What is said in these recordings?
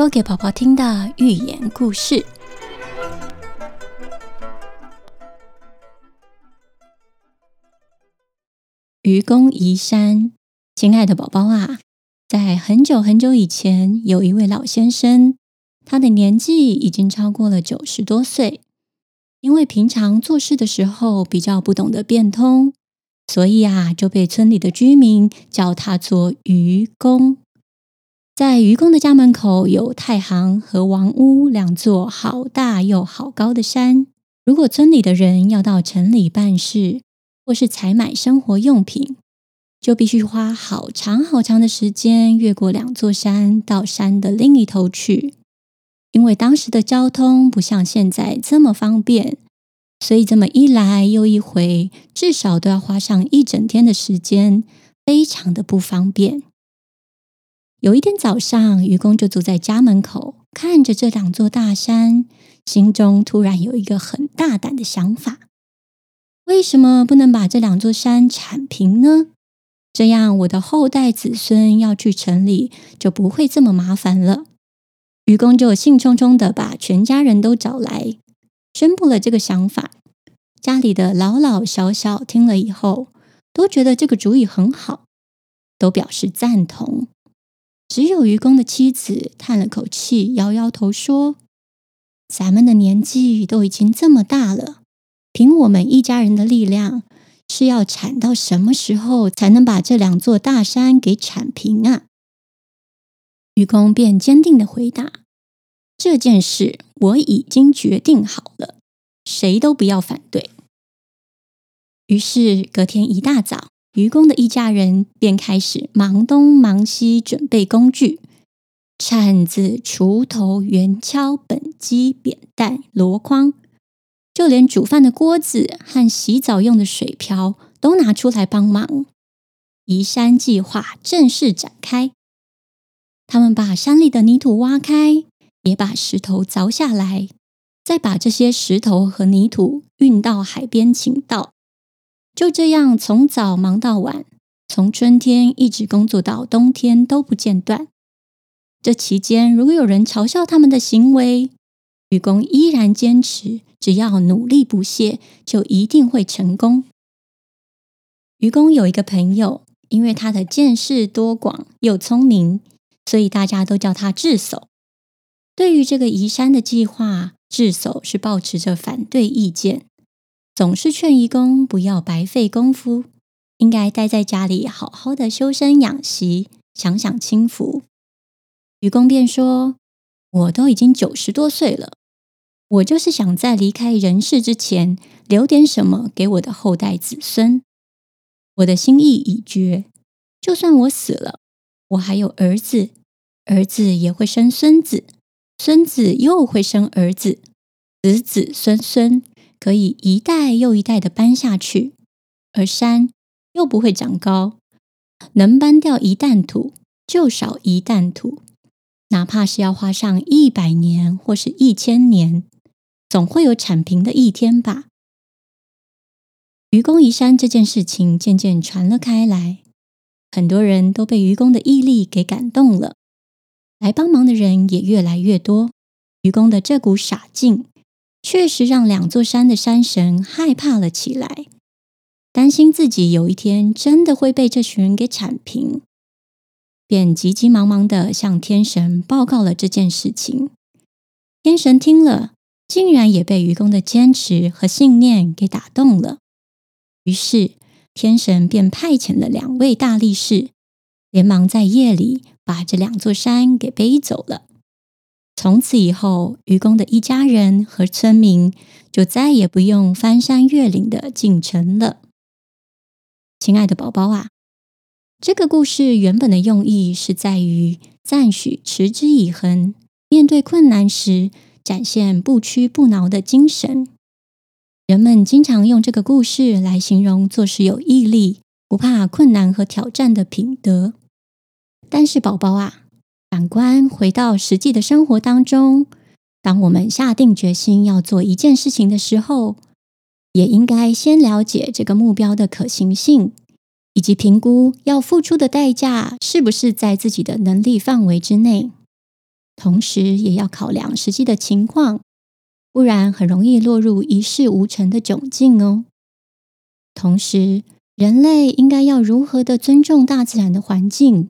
說給寶寶聽的寓言故事《愚公移山》。親愛的寶寶啊，在很久很久以前，有一位老先生，他的年紀已經超過了九十多歲。因為平常做事的時候比較不懂得變通，所以啊，就被村裡的居民叫他做愚公。在愚公的家門口，有太行和王屋兩座好大又好高的山。如果村裡的人要到城裡辦事，或是採買生活用品，就必須花好長好長的時間越過兩座山，到山的另一頭去。因為當時的交通不像現在這麼方便，所以這麼一來又一回，至少都要花上一整天的時間，非常的不方便。有一天早上，愚公就坐在家門口，看着這兩座大山，心中突然有一個很大膽的想法：為什麼不能把這兩座山鏟平呢？這樣，我的後代子孫要去城裡就不會這麼麻煩了。愚公就興沖沖地把全家人都找來，宣佈了這個想法。家裡的老老小小聽了以後，都覺得這個主意很好，都表示贊同。只有愚公的妻子嘆了口氣，搖搖頭說：“咱們的年紀都已經這麼大了，憑我們一家人的力量，是要鏟到什麼時候才能把這兩座大山給鏟平啊？”愚公便堅定的回答：“這件事我已經決定好了，誰都不要反對。”於是隔天一大早。愚公的一家人便開始忙東忙西準備工具，鏟子、鋤頭、圓鍬、畚箕、扁擔、籮筐，就連煮飯的鍋子和洗澡用的水瓢都拿出來幫忙。移山計劃正式展開，他們把山裡的泥土挖開，也把石頭鑿下來，再把這些石頭和泥土運到海邊，傾倒。就這樣，從早忙到晚，從春天一直工作到冬天都不間斷。這期間，如果有人嘲笑他們的行為，愚公依然堅持，只要努力不懈，就一定會成功。愚公有一個朋友，因為他的見識多廣又聰明，所以大家都叫他智叟。對於這個移山的計劃，智叟是抱持着反對意見。總是勸愚公不要白費功夫，應該待在家裡好好的修身養息，享享清福。愚公便說：“我都已經九十多歲了，我就是想在離開人世之前留點什麼給我的後代子孫。我的心意已決，就算我死了，我還有兒子，兒子也會生孫子，孫子又會生兒子，子子孫孫。”可以一代又一代的搬下去，而山又不會長高，能搬掉一擔土就少一擔土，哪怕是要花上一百年或是一千年，總會有鏟平的一天吧。愚公移山這件事情漸漸傳了開來，很多人都被愚公的毅力給感動了，來幫忙的人也越來越多。愚公的這股傻勁。確實讓兩座山的山神害怕了起來，擔心自己有一天真的會被這群人給鏟平，便急急忙忙的向天神報告了這件事情。天神聽了，竟然也被愚公的堅持和信念給打動了，於是天神便派遣了兩位大力士，連忙在夜裡把這兩座山給背走了。從此以後，愚公的一家人和村民就再也不用翻山越嶺的進城了。親愛的寶寶啊，這個故事原本的用意是在於贊許持之以恆，面對困難時展現不屈不撓的精神。人們經常用這個故事來形容做事有毅力、不怕困難和挑戰的品德。但是，寶寶啊。反觀回到實際的生活當中，當我們下定決心要做一件事情的時候，也應該先了解這個目標的可行性，以及評估要付出的代價是不是在自己的能力範圍之內。同時，也要考量實際的情況，不然很容易落入一事無成的窘境哦。同時，人類應該要如何的尊重大自然的環境？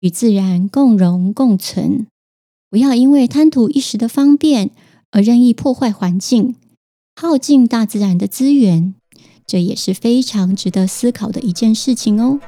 與自然共榮共存，不要因為貪圖一時的方便而任意破壞環境、耗盡大自然的資源，這也是非常值得思考的一件事情哦。